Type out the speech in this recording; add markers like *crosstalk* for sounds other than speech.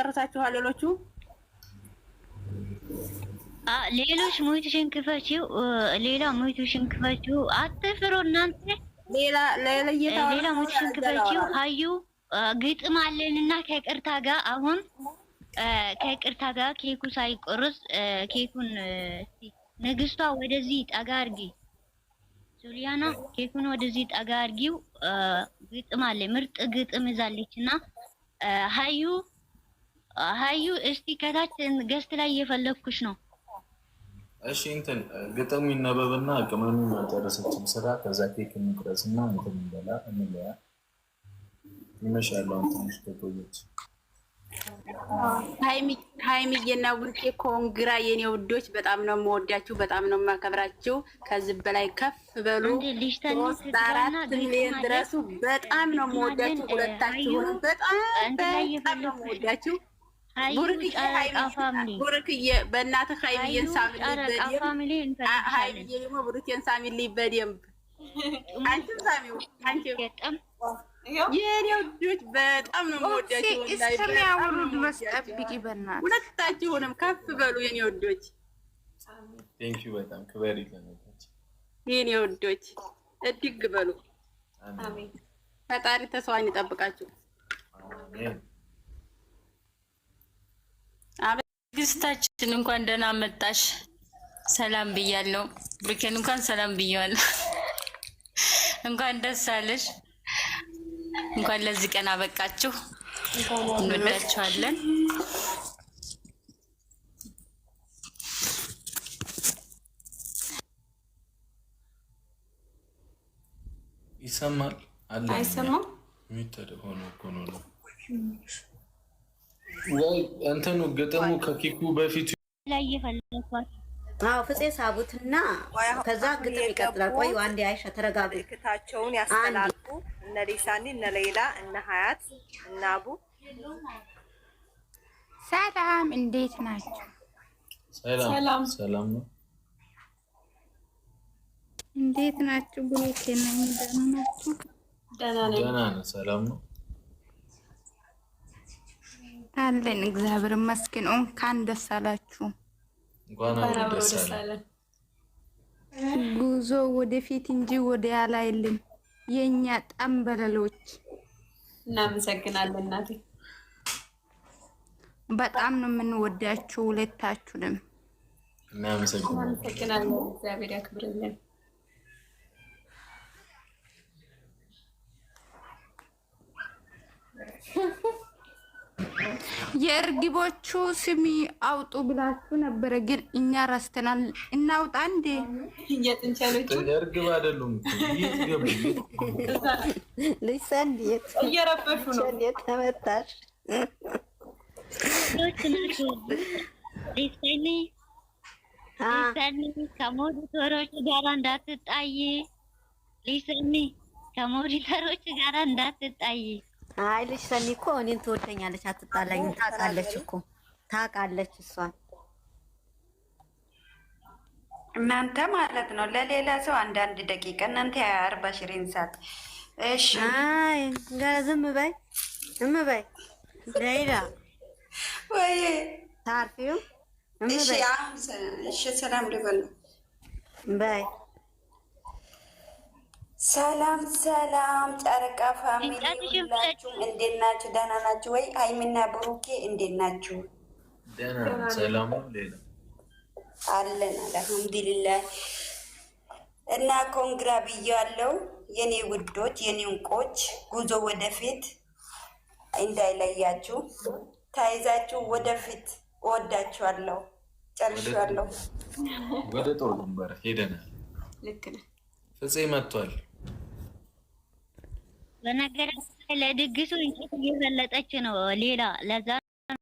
ጨርሳችኋል? ሌሎቹ ሌሎች ሞቱሽን ክፈችው፣ ሌላ ሞቱሽን ክፈችው። አትፍሩ እናንተ ሌላ ሙስን ክበኪው አዩ ግጥም አለንና ከቅርታ ጋር አሁን ከቅርታ ጋር ኬኩ ሳይቆርስ ኬኩን ንግስቷ ወደዚህ ጠጋ አርጊ። ኬኩን ወደዚህ ጠጋ አርጊው። ግጥም አለ ምርጥ ግጥም ይዛለችና ሀዩ ሀዩ እስቲ ከታች ገስት ላይ እየፈለግኩሽ ነው። እሺ እንትን ግጥሙ ይነበብና ቅመሙ ያልጨረሰችም ስራ ከዛ ኬክ እና እንትን እንበላ እንለያ ትንሽ ከቆየች ሀይሚዬና ቡርኬ ኮንግራ የኔ ውዶች፣ በጣም ነው የምወዳችሁ፣ በጣም ነው የማከብራችሁ። ከዚህ በላይ ከፍ በሉ፣ ሶስት አራት ሚሊዮን ድረሱ። በጣም ነው የምወዳችሁ ሁለታችሁንም፣ በጣም በጣም ነው የምወዳችሁ። ቡርክዬ በእናትህ ሀይሚዬን ደግሞ ቡርኬን ሳሚልኝ በደምብ አንቺም ሳሚው በጣም ነው የምወዳቸው። እስከሚያወሩ ድረስ ጠብቂ ሁለታችሁንም ከፍ በሉ የኔ የኔ እድግ በሉ። ፈጣሪ ይጠብቃችሁ። ትዕግስታችን እንኳን ደህና መጣሽ። ሰላም ብያለሁ። ብሩኬን እንኳን ሰላም ብያለሁ። እንኳን ደስ አለሽ። እንኳን ለዚህ ቀን አበቃችሁ። እንወዳችኋለን። ይሰማል አለ አይሰማም? ሚተደሆነ ኮኖ ነው እንትኑ ግጥሙ ከኪኩ በፊት ላይ እየፈለኳት አዎ ፍፄ ሳቡትና ከዛ ግጥም ይቀጥላል። ቆዩ አንዴ አይሻ ተረጋጉ። ክታቸውን ያስተላልፉ እነ ሊሳኒ እነ ሌላ እነ ሀያት እነ አቡ። ሰላም እንዴት ናቸው? ሰላም ሰላም ነው። እንዴት ናችሁ? ብሩክ ነኝ። ደህና ናችሁ? ደህና ነኝ። ሰላም ነው። አለን እግዚአብሔር ይመስገን። እንኳን ደስ አላችሁ። ጉዞ ወደፊት እንጂ ወደ ኋላ የለም። የኛ ጠንበለሎች እናመሰግናለን። እናቴ በጣም ነው የምንወዳችሁ ሁለታችሁንም። እናመሰግናለን። እግዚአብሔር ያክብርልን። *laughs* የእርግቦቹ ስሚ አውጡ ብላችሁ ነበረ፣ ግን እኛ ረስተናል። እናውጣ እንዴ? እርግብ አይደሉም ተመታሽ። ከሞዲ ቶሮች ጋራ እንዳትጣይ ሊሰኒ ከሞዲ ቶሮች ጋራ እንዳትጣይ አይ ልጅ ሰኒ እኮ እኔን ትወደኛለች፣ አትጣላኝም። ታውቃለች እኮ ታውቃለች። እሷን እናንተ ማለት ነው ለሌላ ሰው አንዳንድ ደቂቃ እናንተ አርባ ሽሪን ሰዓት እሺ። አይ ዝም በይ ዝም በይ ሌላ ወይ ታርፊው እሺ። አሁን እሺ፣ ሰላም ልበል በይ ሰላም ሰላም ጨረቃ ፋሚሊ ሁላችሁም እንዴት ናችሁ? ደህና ናችሁ ወይ? ሀይሚና ብሩኬ እንዴት ናችሁ? ሰላሙ አለን አልሐምዱሊላህ። እና ኮንግራ ብያለው የኔ ውዶች፣ የኔ እንቆች፣ ጉዞ ወደፊት እንዳይለያችሁ፣ ታይዛችሁ ወደፊት። እወዳችኋለሁ። ጨርሻለሁ። ወደ ጦር ግንባር ሄደናል። ልክ ነህ። ፍፄ መጥቷል። በነገራችን ለድግሱ እንጨት እየበለጠች ነው። ሌላ ለዛ